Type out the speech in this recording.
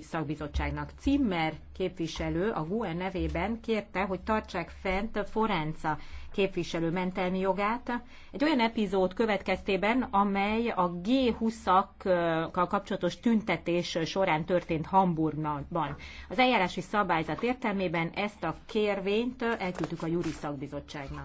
szakbizottságnak. Cimmer képviselő a GUE nevében kérte, hogy tartsák fent Forenza képviselő mentelmi jogát. Egy olyan epizód következtében, amely a G20-akkal kapcsolatos tüntetés során történt Hamburgban. Az eljárási szabályzat értelmében ezt a kérvényt elküldtük a juri szakbizottságnak.